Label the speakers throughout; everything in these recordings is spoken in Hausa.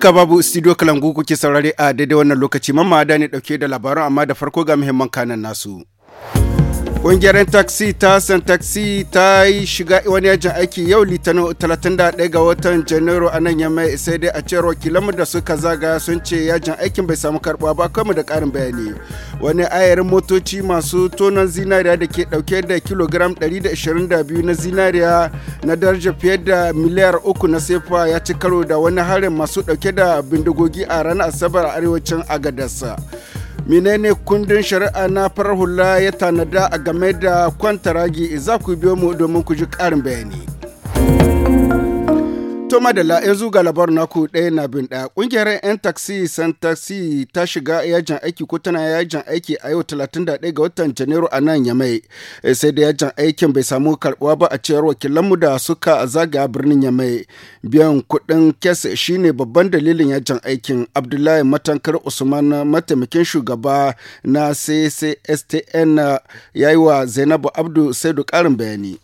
Speaker 1: Ko babu studio kalangu kuke saurari a daidai wannan lokaci mamma da ne dauke da labaran amma da farko ga muhimman kanan nasu. Ƙungiyar taxi ta san taxi ta yi shiga wani yajin aiki yau litinin 31 ga watan janairu a nan yamma sai dai a cewar wakilanmu da suka zagaya sun ce yajin aikin bai samu karbuwa ba kawai da karin bayani. Wani ayarin motoci masu tonon zinariya da ke dauke da kilogram 122 na zinariya na daraja fiye da miliyar uku na sefa ya ci karo da wani harin masu dauke da bindigogi a ranar asabar arewacin agadarsa. menene kundin shari'a na farar hula ya tanada a game da kwantaragi za ku biyo mu domin ku ji ƙarin bayani. To madalla yanzu ga labar naku ɗaya na bin ɗaya. Ƙungiyar 'yan taksi san taksi ta shiga yajin aiki ko tana yajin aiki a yau talatin da 31 ga watan Janairu a nan ya mai eh, Sai da yajin aikin bai samu karɓuwa ba a cewar wakilanmu da suka zagaya birnin ya mai Biyan kuɗin kes shine babban dalilin yajin aikin. Abdullahi Matankar Usman mataimakin shugaba na CCSTN ya yi wa Zainabu Abdu Saidu ƙarin bayani.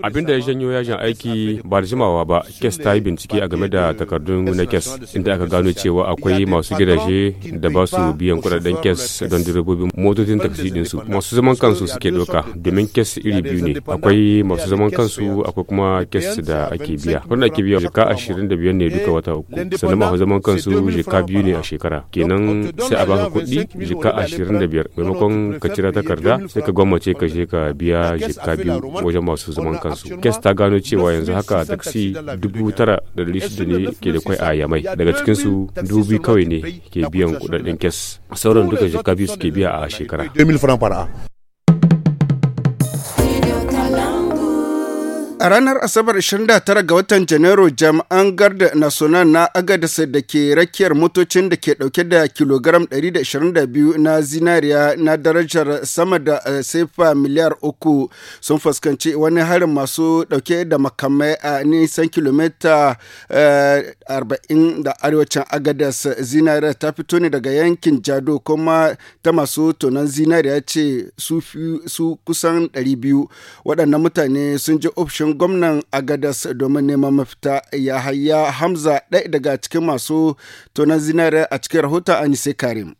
Speaker 2: Abin da ya janyo yajin aiki ba da jimawa ba, kes ta yi bincike a game da takardun na kes inda aka gano cewa akwai masu gidaje da ba su biyan kudaden kes don direbobin motocin taksi dinsu. Masu zaman kansu suke doka domin kes iri biyu ne. Akwai masu zaman kansu akwai kuma kes da ake biya. Wanda ake biya jika ashirin da biyar ne duka wata uku. Sannan masu zaman kansu jika biyu ne a shekara. Kenan sai a baka kuɗi jika ashirin da biyar maimakon ka cira takarda sai ka gwammace ka je ka biya jika jaka biyu wajen masu zaman kansu kes ta gano cewa yanzu haka taksi dubu tara da shida ne ke da kwai a yamai daga cikinsu dubu kawai ne ke biyan kudaden kes sauran duka jaka biyu suke biya a shekara
Speaker 1: A ranar Asabar 29 ga watan Janairu jami'an Garda National na Agadis da ke rakiyar motocin da ke dauke da kilogram 122 na zinariya na darajar sama da eh, sefa miliyar uku sun fuskanci wani harin masu dauke da makamai a nisan kilomita 40 eh, da arewacin agadis zinariya ta fito ne daga yankin Jado kuma ta masu tonan zinariya ce su kusan 200 waɗannan mutane sun ji ofishin ofishin gwamnan agadas domin neman mafita ya hayya hamza ɗaya daga cikin masu
Speaker 2: tonon zinare a cikin rahoton anise karim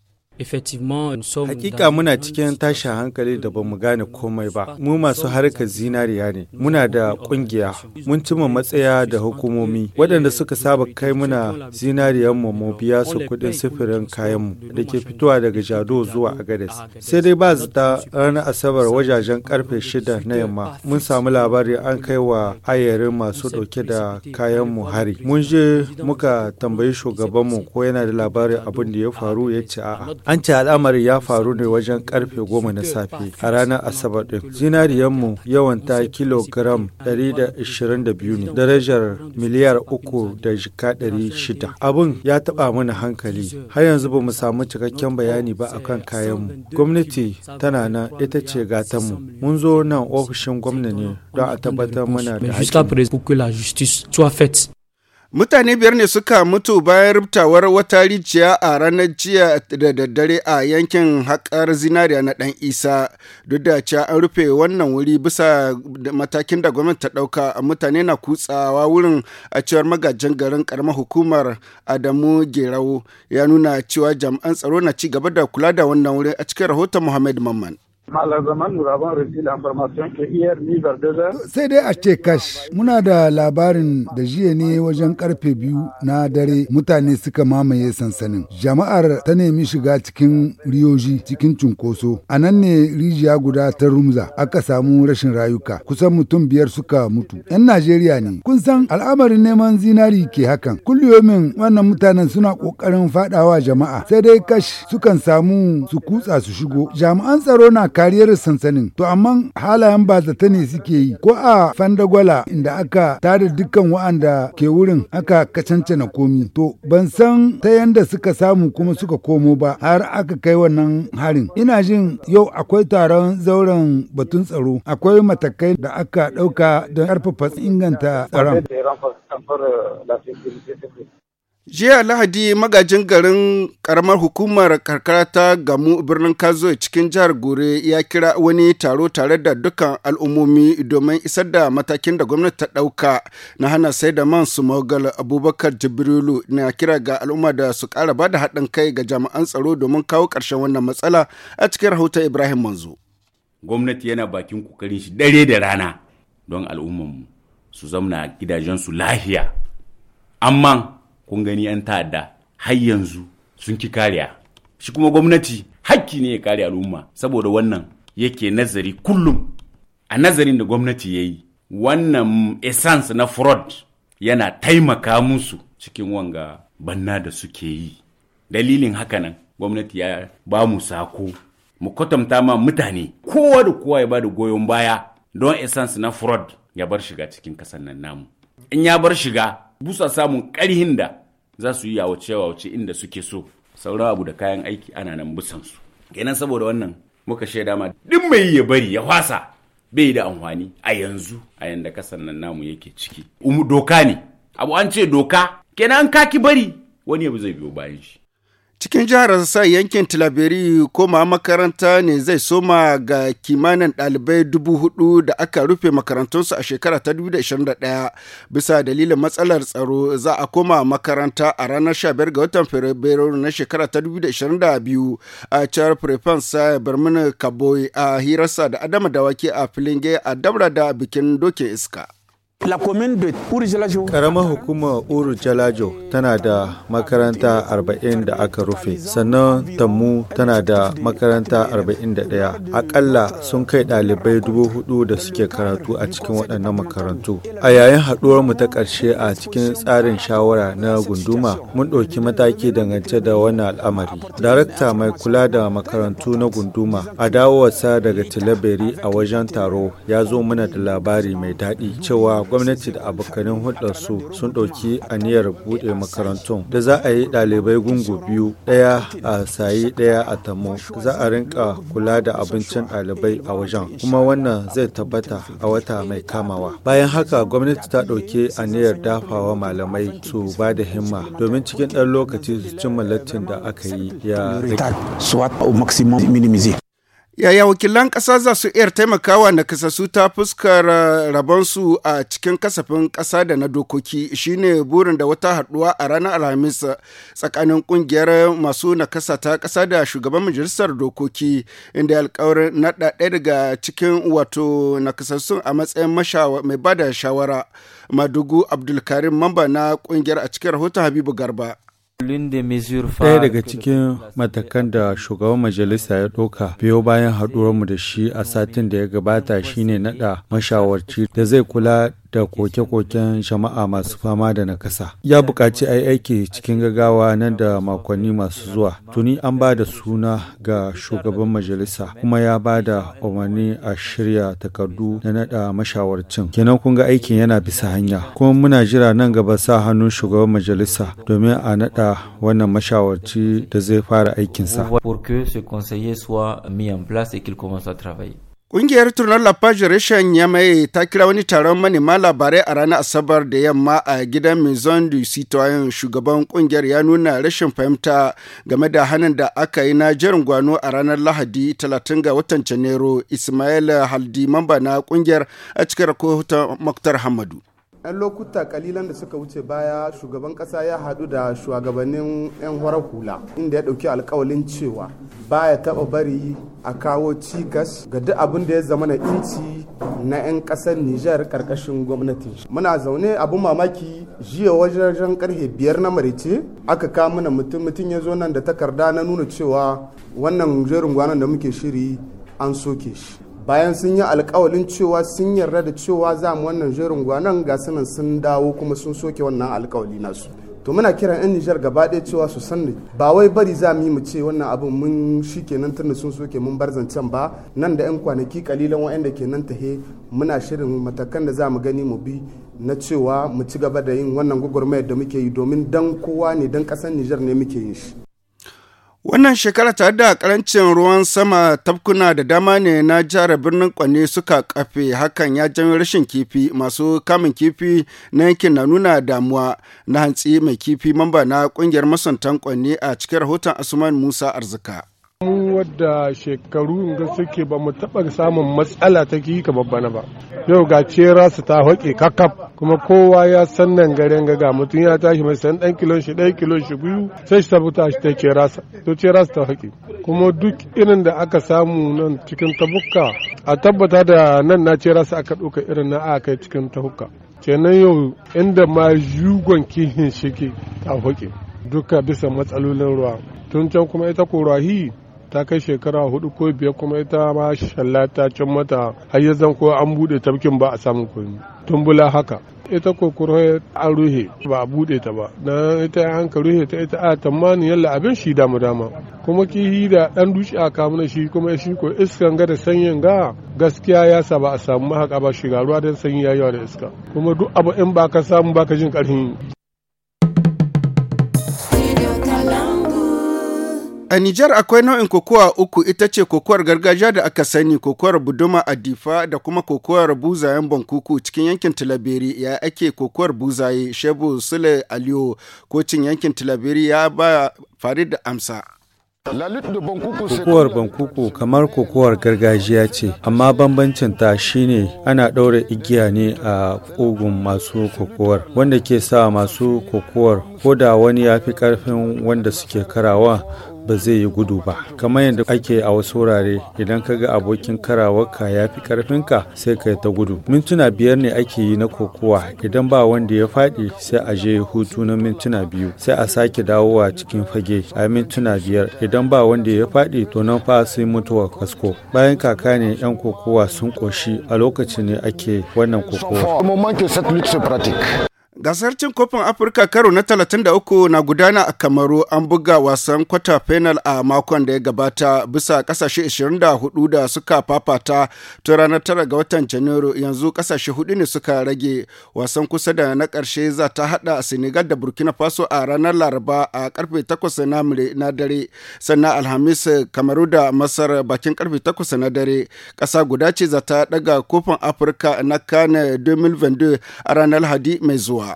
Speaker 2: Hakika muna cikin tashin hankali da ba mu gane komai ba. Mu masu harkar zinariya ne. Muna da kungiya. Mun cima matsaya da hukumomi waɗanda suka saba kai muna zinariyar mu mu biya su kuɗin sufurin kayanmu da ke fitowa daga Jado zuwa Agades. Sai dai ba zata ranar Asabar wajajen karfe shida na yamma mun samu labari an kai wa ayarin masu ɗauke da kayanmu hari. Mun je muka tambayi shugabanmu ko yana da labarin abin da ya faru ya ce a'a. An ce al'amarin ya faru ne wajen karfe goma na safe a ranar Asabar ɗin. Zinariyanmu yawan ta kilogram 122 ne, darajar miliyar uku da jika 600. Abin ya taɓa mana hankali. Har yanzu ba mu samu cikakken bayani ba a kan kayanmu. Gwamnati tana nan ita ce gatanmu. Mun zo nan ofishin gwamna ne don a tabbatar mana da haƙƙi.
Speaker 1: Mutane biyar ne suka mutu bayan rubtawar wata rijiya a ranar jiya da daddare a yankin haƙar zinariya na ɗan Isa, duk da cewa an rufe wannan wuri bisa matakin da gwamnati ta ɗauka mutane na kutsawa wurin a cewar magajin garin ƙaramar hukumar Adamu Gerau ya nuna cewa jami'an tsaro na ci gaba da kula da wannan wuri a cikin rahoton Muhammad
Speaker 3: Mamman. Sai dai a ce kash, muna da labarin da jiya ne wajen karfe biyu na dare mutane suka mamaye sansanin. Jama'ar ta nemi shiga cikin riyoji cikin cunkoso. A nan ne rijiya guda ta rumza aka samu rashin rayuka. Kusan mutum biyar suka mutu. 'Yan Najeriya ne. Kun san al'amarin neman zinari ke hakan. Kulliyomin wannan mutanen suna ƙoƙarin faɗawa jama'a. Sai dai kash sukan samu su kutsa su shigo. Jami'an tsaro na kariyar sansanin to amma halayen ba zata ne suke yi ko a fandagwala inda aka tada dukkan wa'anda ke wurin aka na komi to ban san ta yanda suka samu kuma suka komo ba har aka kai wannan harin ina jin yau akwai taron zauren batun tsaro akwai matakai da aka ɗauka don ƙarfafa inganta tsaron jiya lahadi
Speaker 1: magajin garin karamar hukumar karkara ta gamu birnin kazo cikin jihar gore ya kira wani taro tare da dukkan al'ummomi domin isar da matakin da gwamnati ta ɗauka na hana sai da man su mogal abubakar jibrilu na kira ga al'umma da su kara ba da haɗin kai ga jami'an tsaro domin kawo ƙarshen wannan matsala a cikin rahoton ibrahim manzo gwamnati yana bakin kokarin shi dare da rana don al'ummarmu su zauna gidajensu lahiya amma kun gani 'yan ta'adda har yanzu sun ki kariya shi kuma gwamnati hakki ne ya kare al'umma saboda wannan yake nazari kullum a nazarin da gwamnati ya yi wannan essence na fraud yana taimaka musu cikin wanga banna da suke yi dalilin hakanan gwamnati ya ba mu sako mu kwatanta ma mutane kowa da kowa ya ba da goyon baya don essence na fraud ya bar shiga cikin kasan nan namu in ya bar shiga busa samun ƙarhin da za su yi yawace wace inda suke so sauran abu da kayan aiki ana nan busan su kenan saboda wannan muka shaida ma duk mai ya bari ya hwasa bai da amfani a yanzu a yanda kasan nan namu yake ciki
Speaker 3: umu doka ne
Speaker 1: abu an ce doka kenan an kaki bari wani abu zai
Speaker 3: biyo bayan shi
Speaker 1: cikin jihar sa yankin tilaberi koma makaranta ne zai soma ga kimanin ɗalibai dubu hudu da aka rufe makarantunsu a shekara ta 2021 bisa dalilin matsalar tsaro za a koma makaranta a ranar 15 ga watan fabrairu na shekara ta 2022 a cewar sa birnin kaboi a hirarsa da adama dawaki a filinge a dabra da bikin dokin iska
Speaker 2: La commune de Urujalajo. Karamar hukumar Urjalajo tana da makaranta 40 da aka rufe, sannan Tammu tana da makaranta da ɗaya. Akalla sun kai ɗalibai dubu hudu da suke karatu a cikin waɗannan makarantu. A yayin haɗuwar mu ta ƙarshe a cikin tsarin shawara na gunduma, mun ɗauki mataki dangance da wannan al'amari. Darakta mai kula da makarantu na gunduma a dawowarsa daga Tilaberi a wajen taro ya zo mana da labari mai daɗi cewa gwamnati da abokanin hulɗar su sun ɗauki aniyar buɗe makarantun da za a yi ɗalibai gungu biyu ɗaya a sayi ɗaya a tamo za a rinka kula da abincin ɗalibai a wajen kuma wannan zai tabbata a wata mai kamawa bayan haka gwamnati ta ɗauki aniyar dafawa malamai su ba da himma domin cikin ɗan lokaci su cimma lattin da aka yi ya
Speaker 1: yaya wakilan ƙasa za su iya taimakawa na kasassu ta fuskar eh, rabonsu a cikin kasafin kasa da na dokoki shine burin da wata haduwa a ranar alhamis tsakanin ƙungiyar masu nakasa ta ƙasa da shugaban majalisar dokoki inda alkawarin na ɗaya daga cikin wato nakasassun a matsayin mai bada shawara madugu abdulkarim mamba na ƙungiyar a cikin rahoton habibu garba
Speaker 2: Ɗaya daga cikin matakan da shugaban majalisa ya ɗauka biyo bayan haɗuwarmu da shi a satin da ya gabata shine naɗa mashawarci da zai kula da koke-koken jama'a masu fama da nakasa. Ya buƙaci a aiki cikin gagawa nan da makonni masu zuwa. Tuni an ba da suna ga shugaban majalisa kuma ya ba da umarni a shirya takardu na naɗa mashawarcin. Kenan kun ga aikin yana bisa hanya. Kuma muna jira nan gaba sa hannun shugaban majalisa domin a naɗa wannan mashawarci da zai fara aikinsa.
Speaker 1: Pour que ce conseiller soit mis en place Ƙungiyar Turnar Lafaji Reshen ya mai ta kira wani taron manema labarai a ranar Asabar da yamma a gidan Maison du Citoyen shugaban ƙungiyar ya nuna rashin fahimta game da hannun da aka yi na jerin gwano a ranar Lahadi 30 ga watan Janairu Ismail Haldi mamba na ƙungiyar a cikin rahoton Muktar Hamadu. 'yan lokuta kalilan da suka wuce baya shugaban kasa ya hadu da shugabannin 'yan horar hula inda ya ɗauki alkawalin cewa baya taɓa bari a kawo cikas ga duk abin da ya zama na inci na 'yan kasar nijar karkashin gwamnatin muna zaune abin mamaki jiya wajen karfe biyar na marice aka kawo mana mutum mutum ya zo nan da takarda na nuna cewa wannan jerin gwanon da muke shiri an soke shi bayan sun yi alkawalin cewa sun yarda da cewa za mu wannan jerin gwanan ga sun dawo kuma sun soke wannan alkawali nasu to muna kiran yan nijar gaba ɗaya cewa su san ba wai bari za mu yi mu ce wannan abin mun shi kenan tunda sun soke mun bar zancen ba nan da yan kwanaki kalilan ke nan tahe muna shirin matakan da za mu gani mu bi na cewa mu ci gaba da yin wannan gwagwarmayar da muke yi domin dan kowa ne dan ƙasar nijar ne muke yin shi Wannan shekara tare da karancin ruwan sama tafkuna da dama ne na jihar birnin Kwane suka kafe hakan ya janyo rashin kifi masu kamun kifi na yankin na nuna damuwa na hantsi mai kifi mamba na kungiyar masuntan Kwane a cikin rahoton Asuman Musa Arzika.
Speaker 2: mu wadda shekaru da
Speaker 1: suke ba mu taɓa samun matsala ta kika babbana ba yau ga cera su ta haƙe kakaf kuma kowa ya san nan garin ga ga mutum ya tashi mai san ɗan kilon shi ɗan kilon shi biyu sai shi tabbata shi ta cera sa to cera su ta haƙe kuma duk irin da aka samu nan cikin tabuka a tabbata da nan na cera su aka ɗauka irin na aka kai cikin tabukka kenan yau inda ma jugon kihin shi ke ta haƙe duka bisa matsalolin ruwa tun can kuma ita korahi ta kai shekara hudu ko biyar kuma ita ma shalla ta can mata har ya ko an bude tafkin ba a samu Tun tumbula haka ita kokoro an ruhe ba a bude ta ba na ita an ka ruhe ta ita a tamani yalla abin shi da dama kuma yi da dan duci a kamuna shi kuma shi ko iskan ga da sanyin ga gaskiya ya sa ba a samu mahaka ba shiga ruwa da sanyi yayi da iska kuma duk abu in ba ka samu ba ka jin karfin A Nijar akwai nau'in kokowa uku ita ce kokowar gargajiya da aka sani kokowar buduma a difa da kuma kokowar buzayen bankuku cikin yankin tilaberi ya ake kokowar buzaye shebu sule aliyo kocin yankin tilaberi ya ba farid amsa. Kokowar
Speaker 2: bankuku kamar kokowar gargajiya ce, amma bambancin ta shine ana ɗaure igiya ne a ƙugun masu kokowar, wanda ke sa masu kokowar ko da wani ya fi ƙarfin wanda suke karawa ba zai yi gudu ba kamar yadda ake a wasu wurare idan ka ga abokin karawarka ya fi karfinka sai ka ta gudu mintuna biyar ne ake yi na kokowa idan ba wanda ya faɗi sai a je hutu na mintuna biyu sai a sake dawowa cikin fage a mintuna biyar idan ba wanda ya faɗi to nan fa sai mutuwa kasko bayan kaka ne yan kokowa sun ƙoshi a lokacin ne ake wannan kokowa
Speaker 1: Gasar cin kofin Afirka karo na 33 na gudana a Kamaru an buga wasan kwata final a makon da ya gabata bisa kasashe 24 da suka fafata ta ranar 9 ga watan Janairu yanzu kasashe hudu ne suka rage wasan kusa da na karshe za ta hada Senegal da Burkina Faso a ranar Laraba a karfe 8 na dare sannan Alhamis Kamaru da Masar bakin karfe 8 na dare kasa guda ce za ta daga kofin Afirka na Kane 2022 a ranar Hadi mai zuwa.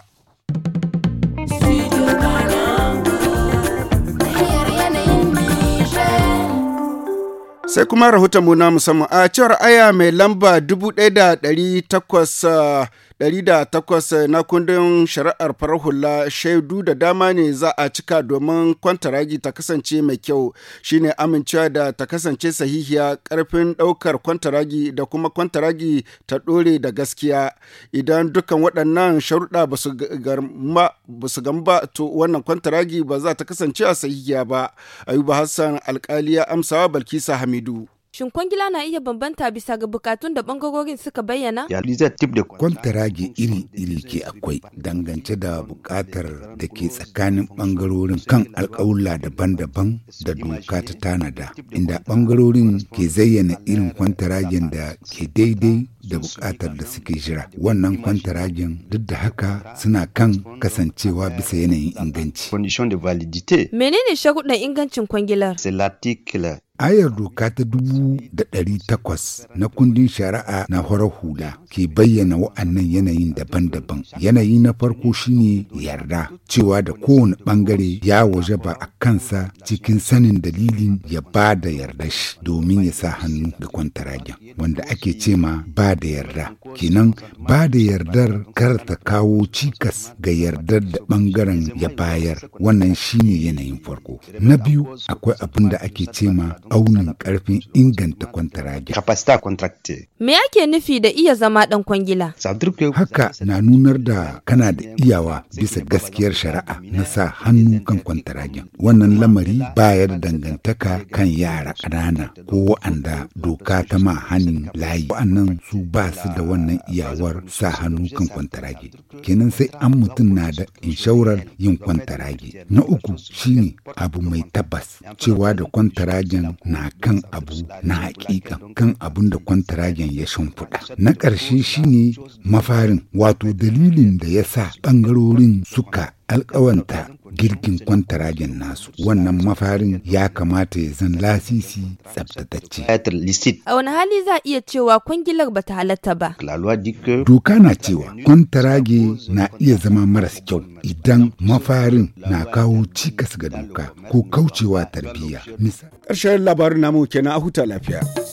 Speaker 1: sai kuma rahoton mu na musamman a cewar aya mai lamba 1800 108 eh, na kundin shari'ar farar hula shaidu da dama ne za a cika domin kwantaragi ta kasance mai kyau shine amincewa da ta kasance sahihiya karfin daukar kwantaragi da kuma kwantaragi ta dore da gaskiya idan dukkan waɗannan sharuɗa ba su gamba to wannan kwantaragi ba za ta kasance a sahihiya ba ayuba hassan alkaliya amsawa balkisa hamidu
Speaker 2: Shin kwangila na iya bambanta bisa ga bukatun da bangarorin suka bayyana?
Speaker 3: Kwantarage iri-iri ke akwai dangance da bukatar da ke tsakanin bangarorin kan alkawula daban-daban da doka ta tanada, inda bangarorin ke zayyana irin kwantaragen da ke daidai da bukatar da suke jira. Wannan kwantaragen duk da haka suna kan kasancewa bisa yanayin inganci.
Speaker 2: Menene sharuɗan ingancin kwangilar?
Speaker 3: Ayar doka ta dubu da ɗari takwas na kundin shari'a na horar hula ke bayyana wa'annan yanayin daban-daban. Yanayi na farko shine yarda cewa da kowane ɓangare ya waje ba a kansa cikin sanin dalilin ya ba da yarda shi domin ya sa hannu ga kwantaragen wanda ake ce ma ba da yarda. Kenan ba da yardar kar ta kawo cikas ga yardar da ɓangaren ya bayar wannan shine yanayin farko. Na biyu akwai abin da ake ce ma aunin karfin inganta kwantaragi.
Speaker 2: Me ake nufi da iya zama ɗan kwangila?
Speaker 3: Haka na nunar da kana da iyawa bisa gaskiyar shari'a na sa hannu kan kwantaragin. Wannan lamari baya da dangantaka kan yara ƙanana ko wa'anda doka ta ma hannun layi. Wa'annan su ba su da wannan iyawar sa hannu kan kwantarage Kenan sai an mutum na da inshaurar yin kwantarage Na uku shine abu mai tabbas cewa da kwantarajen na kan abu na hakika kan abun da kwantaragen ya shimfiɗa. Na ƙarshe shine mafarin wato dalilin da ya sa ɓangarorin suka alƙawanta girkin kwantaragen nasu wannan mafarin ya kamata ya zan lasisi tsabtatacce.
Speaker 2: A wani hali za iya cewa kwangilar ba ta halatta ba.
Speaker 3: Doka na cewa kwantarage na iya zama maras kyau idan mafarin na kawo cikas ga doka ko kaucewa tarbiyya.
Speaker 1: Ƙarshen labarin namu kenan a huta lafiya.